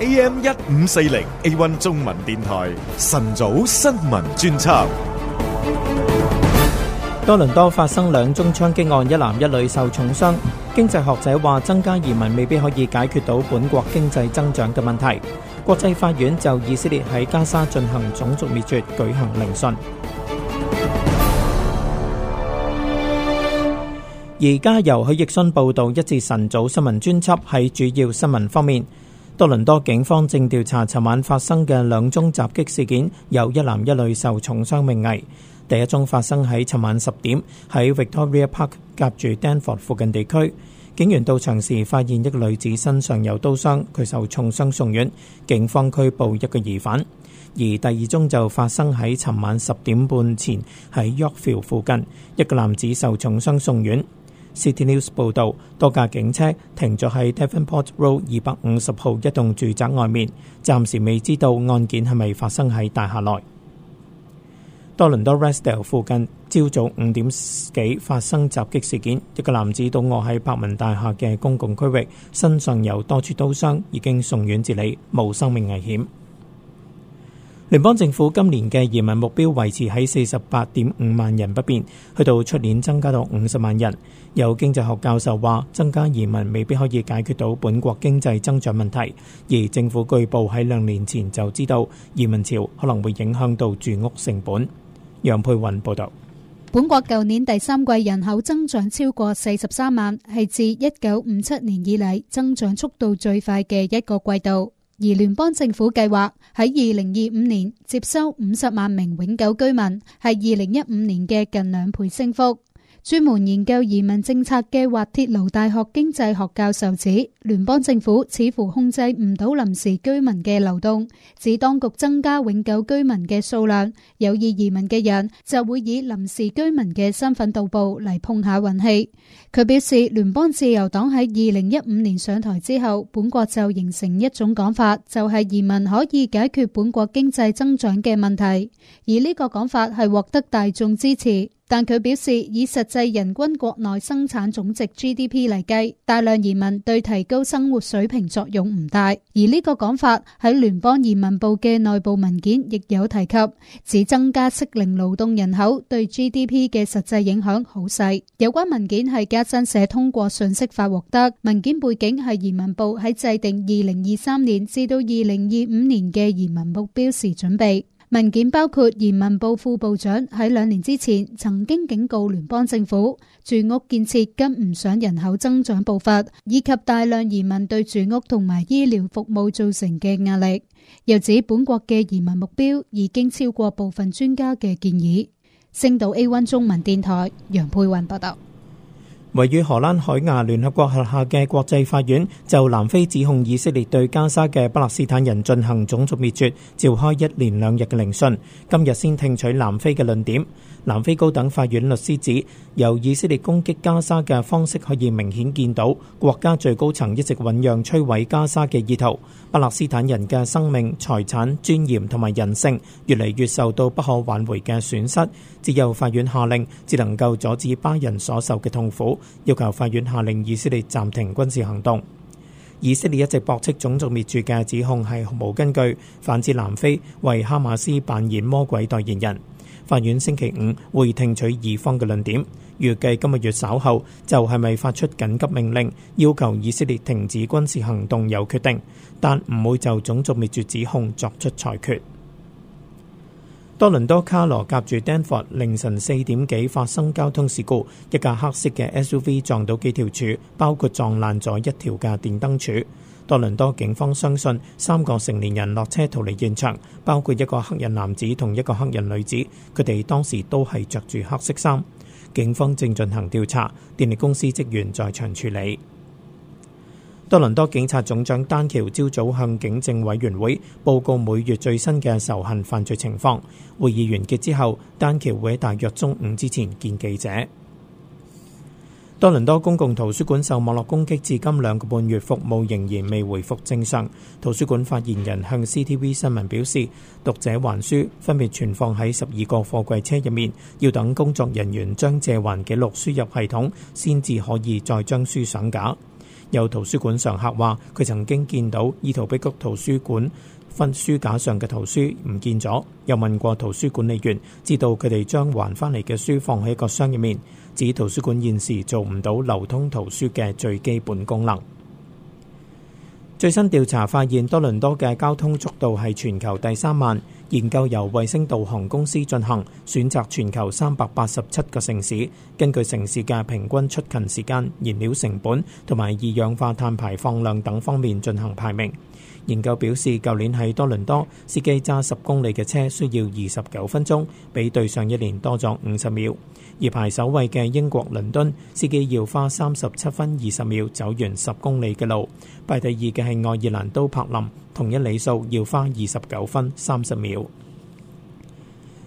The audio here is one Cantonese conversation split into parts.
AM 一五四零 A1 中文電台晨早新聞專輯。多倫多發生兩宗槍擊案，一男一女受重傷。經濟學者話，增加移民未必可以解決到本國經濟增長嘅問題。國際法院就以色列喺加沙進行種族滅絕舉行聆訊。而家由許奕迅報道，一至晨早新聞專輯喺主要新聞方面。多倫多警方正調查尋晚發生嘅兩宗襲擊事件，有一男一女受重傷命危。第一宗發生喺尋晚十點喺 Victoria Park 夾住 Danforth 附近地區，警員到場時發現一個女子身上有刀傷，佢受重傷送院，警方拘捕一個疑犯。而第二宗就發生喺尋晚十點半前喺 Yorkville 附近，一個男子受重傷送院。City News 報道，多架警車停咗喺 Devonport Road 二百五十號一棟住宅外面，暫時未知道案件係咪發生喺大廈內。多倫多 Rexdale 附近，朝早五點幾發生襲擊事件，一個男子倒臥喺柏文大廈嘅公共區域，身上有多處刀傷，已經送院治理，無生命危險。聯邦政府今年嘅移民目標維持喺四十八點五萬人不變，去到出年增加到五十萬人。有經濟學教授話，增加移民未必可以解決到本國經濟增長問題，而政府據報喺兩年前就知道移民潮可能會影響到住屋成本。楊佩云報道，本國舊年第三季人口增長超過四十三萬，係自一九五七年以嚟增長速度最快嘅一個季度。而聯邦政府計劃喺二零二五年接收五十萬名永久居民，係二零一五年嘅近兩倍升幅。專門研究移民政策嘅滑鐵盧大學經濟學教授指，聯邦政府似乎控制唔到臨時居民嘅流動，指當局增加永久居民嘅數量，有意移民嘅人就會以臨時居民嘅身份到步嚟碰下運氣。佢表示，聯邦自由黨喺二零一五年上台之後，本國就形成一種講法，就係移民可以解決本國經濟增長嘅問題，而呢個講法係獲得大眾支持。但佢表示，以實際人均國內生產總值 GDP 嚟計，大量移民對提高生活水平作用唔大。而呢個講法喺聯邦移民部嘅內部文件亦有提及，指增加適齡勞動人口對 GDP 嘅實際影響好細。有關文件係加新社通過信息法獲得，文件背景係移民部喺制定二零二三年至到二零二五年嘅移民目標時準備。文件包括移民部副部長喺兩年之前曾經警告聯邦政府，住屋建設跟唔上人口增長步伐，以及大量移民對住屋同埋醫療服務造成嘅壓力。又指本國嘅移民目標已經超過部分專家嘅建議。星島 A1 中文電台楊佩雲報道。位於荷蘭海牙聯合國轄下嘅國際法院就南非指控以色列對加沙嘅巴勒斯坦人進行種族滅絕，召開一連兩日嘅聆訊。今日先聽取南非嘅論點。南非高等法院律師指，由以色列攻擊加沙嘅方式可以明顯見到國家最高層一直醖釀摧毀加沙嘅意圖。巴勒斯坦人嘅生命、財產、尊嚴同埋人性越嚟越受到不可挽回嘅損失，只有法院下令，只能夠阻止巴人所受嘅痛苦。要求法院下令以色列暫停軍事行動。以色列一直駁斥種族滅絕嘅指控係毫無根據，反指南非為哈馬斯扮演魔鬼代言人。法院星期五會聽取以方嘅論點，預計今個月稍後就係咪發出緊急命令要求以色列停止軍事行動有決定，但唔會就種族滅絕指控作出裁決。多倫多卡羅夾住丹佛凌晨四點幾發生交通事故，一架黑色嘅 SUV 撞到幾條柱，包括撞爛咗一條架電燈柱。多倫多警方相信三個成年人落車逃離現場，包括一個黑人男子同一個黑人女子，佢哋當時都係着住黑色衫。警方正進行調查，電力公司職員在場處理。多倫多警察總長丹橋朝早向警政委員會報告每月最新嘅仇恨犯罪情況。會議完結之後，丹橋會喺大約中午之前見記者。多倫多公共圖書館受網絡攻擊至今兩個半月，服務仍然未回復正常。圖書館發言人向 CTV 新聞表示，讀者還書分別存放喺十二個貨櫃車入面，要等工作人員將借還記錄輸入系統，先至可以再將書上架。有圖書館常客話：佢曾經見到怡陶碧谷圖，圖書館分書架上嘅圖書唔見咗，又問過圖書管理員，知道佢哋將還返嚟嘅書放喺一個箱入面，指圖書館現時做唔到流通圖書嘅最基本功能。最新調查發現，多倫多嘅交通速度係全球第三慢。研究由衛星導航公司進行，選擇全球三百八十七個城市，根據城市嘅平均出勤時間、燃料成本同埋二氧化碳排放量等方面進行排名。研究表示，舊年喺多倫多，司機揸十公里嘅車需要二十九分鐘，比對上一年多咗五十秒。而排首位嘅英國倫敦，司機要花三十七分二十秒走完十公里嘅路。排第二嘅係愛爾蘭都柏林，同一里數要花二十九分三十秒。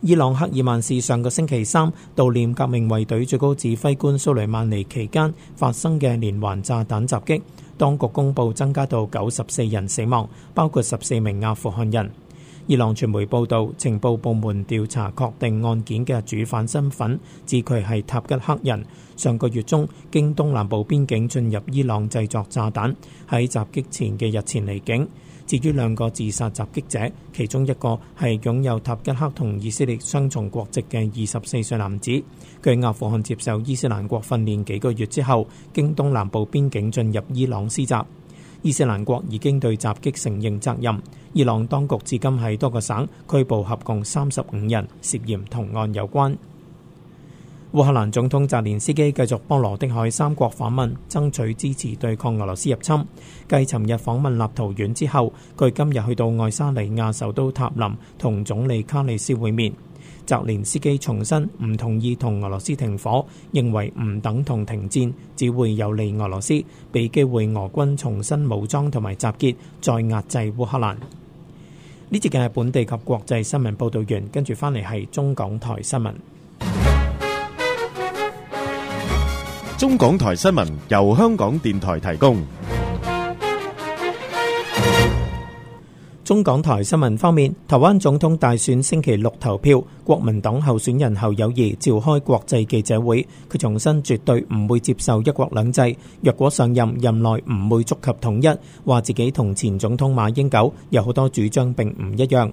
伊朗克爾曼市上個星期三悼念革命衛隊最高指揮官蘇雷曼尼期間發生嘅連環炸彈襲擊。當局公布增加到九十四人死亡，包括十四名阿富汗人。伊朗傳媒報道，情報部門調查確定案件嘅主犯身份，指佢係塔吉克人。上個月中經東南部邊境進入伊朗製作炸彈，喺襲擊前嘅日前離境。至於兩個自殺襲擊者，其中一個係擁有塔吉克同以色列雙重國籍嘅二十四歲男子，喺阿富汗接受伊斯蘭國訓練幾個月之後，經東南部邊境進入伊朗施襲。伊斯蘭國已經對襲擊承認責任。伊朗當局至今喺多個省拘捕合共三十五人，涉嫌同案有關。烏克蘭總統澤連斯基繼續波羅的海三國訪問，爭取支持對抗俄羅斯入侵。繼尋日訪問立陶宛之後，佢今日去到愛沙尼亞首都塔林，同總理卡里斯會面。澤連斯基重申唔同意同俄羅斯停火，認為唔等同停戰，只會有利俄羅斯，俾機會俄軍重新武裝同埋集結，再壓制烏克蘭。呢節嘅係本地及國際新聞報道員，跟住翻嚟係中港台新聞。中港台新聞由香港電台提供。中港台新聞方面，台灣總統大選星期六投票，國民黨候選人侯友宜召開國際記者會，佢重申絕對唔會接受一國兩制，若果上任，任內唔會觸及統一，話自己同前總統馬英九有好多主張並唔一樣。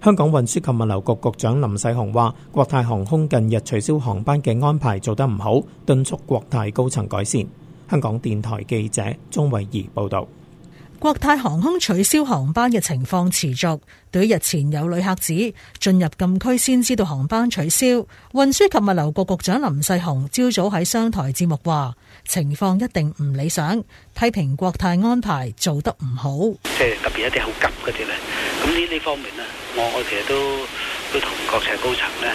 香港運輸及物流局局長林世雄話：國泰航空近日取消航班嘅安排做得唔好，敦促國泰高層改善。香港電台記者鍾慧儀報道。國泰航空取消航班嘅情況持續，對日前有旅客指進入禁區先知道航班取消，運輸及物流局局長林世雄朝早喺商台節目話，情況一定唔理想，批評國泰安排做得唔好。即係特別一啲好急嗰啲呢？咁呢呢方面呢，我我其實都都同國泰高層呢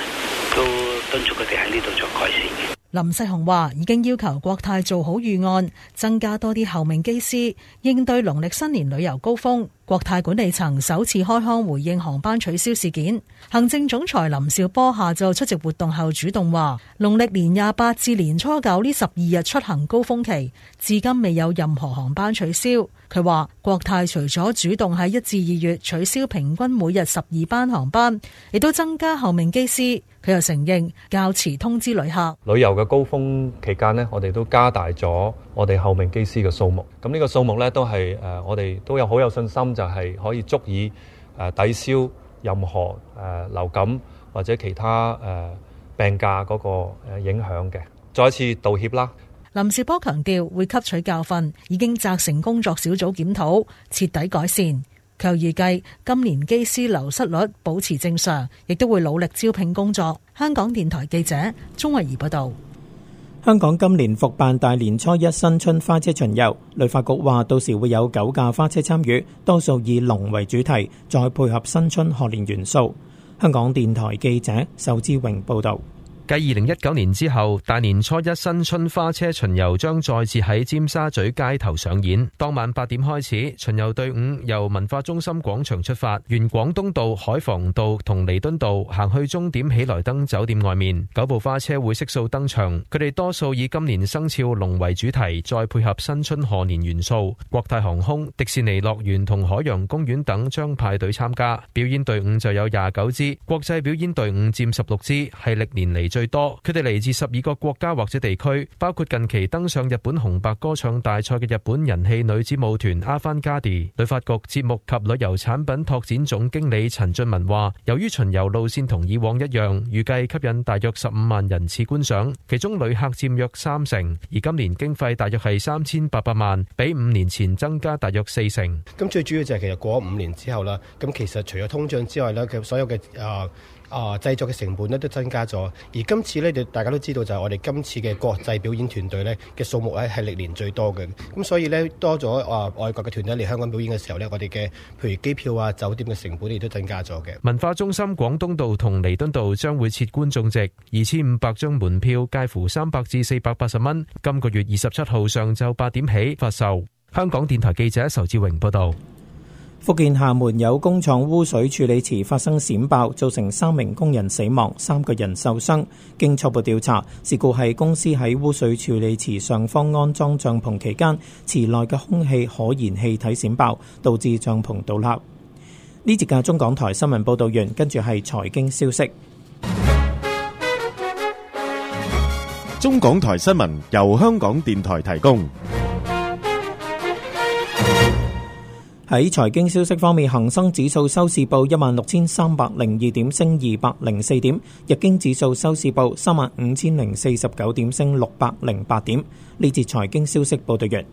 都敦促佢哋喺呢度做改善嘅。林世雄話，已經要求國泰做好預案，增加多啲候命機師，應對農曆新年旅遊高峰。國泰管理層首次開腔回應航班取消事件。行政總裁林紹波下晝出席活動後主動話：農曆年廿八至年初九呢十二日出行高峰期，至今未有任何航班取消。佢話國泰除咗主動喺一至二月取消平均每日十二班航班，亦都增加候命機師。佢又承認較遲通知旅客。旅遊嘅高峰期間呢，我哋都加大咗。我哋候命機師嘅數目，咁呢個數目呢，都係誒、呃，我哋都有好有信心，就係可以足以誒、呃、抵消任何誒、呃、流感或者其他誒、呃、病假嗰個影響嘅。再一次道歉啦！林士波強調會吸取教訓，已經責成工作小組檢討，徹底改善。佢又預計今年機師流失率保持正常，亦都會努力招聘工作。香港電台記者鍾慧儀報道。香港今年復辦大年初一新春花車巡遊，旅發局話到時會有九架花車參與，多數以龍為主題，再配合新春賀年元素。香港電台記者仇之榮報導。喺二零一九年之後，大年初一新春花車巡遊將再次喺尖沙咀街頭上演。當晚八點開始，巡遊隊伍由文化中心廣場出發，沿廣東道、海防道同彌敦道行去終點喜來登酒店外面。九部花車會悉數登場，佢哋多數以今年生肖龍為主題，再配合新春賀年元素。國泰航空、迪士尼樂園同海洋公園等將派隊參加。表演隊伍就有廿九支，國際表演隊伍佔十六支，係歷年嚟最最多，佢哋嚟自十二個國家或者地區，包括近期登上日本紅白歌唱大賽嘅日本人氣女子舞團阿番加迪。旅發局節目及旅遊產品拓展總經理陳俊文話：由於巡遊路線同以往一樣，預計吸引大約十五萬人次觀賞，其中旅客佔約三成。而今年經費大約係三千八百萬，比五年前增加大約四成。咁最主要就係其實過咗五年之後啦，咁其實除咗通脹之外咧，佢所有嘅啊。呃啊！製作嘅成本咧都增加咗，而今次咧，就大家都知道就係我哋今次嘅國際表演團隊咧嘅數目咧係歷年最多嘅，咁所以咧多咗啊外國嘅團隊嚟香港表演嘅時候咧，我哋嘅譬如機票啊、酒店嘅成本亦都增加咗嘅。文化中心廣東道同彌敦道將會設觀眾席，二千五百張門票介乎三百至四百八十蚊，今個月二十七號上晝八點起發售。香港電台記者仇志榮報道。福建廈門有工廠污水處理池發生閃爆，造成三名工人死亡，三個人受傷。經初步調查，事故係公司喺污水處理池上方安裝帳篷期間，池內嘅空氣可燃氣體閃爆，導致帳篷倒塌。呢節嘅中港台新聞報道完，跟住係財經消息。中港台新聞由香港電台提供。喺財經消息方面，恆生指數收市報一萬六千三百零二點，升二百零四點；日經指數收市報三萬五千零四十九點，升六百零八點。呢節財經消息報道完。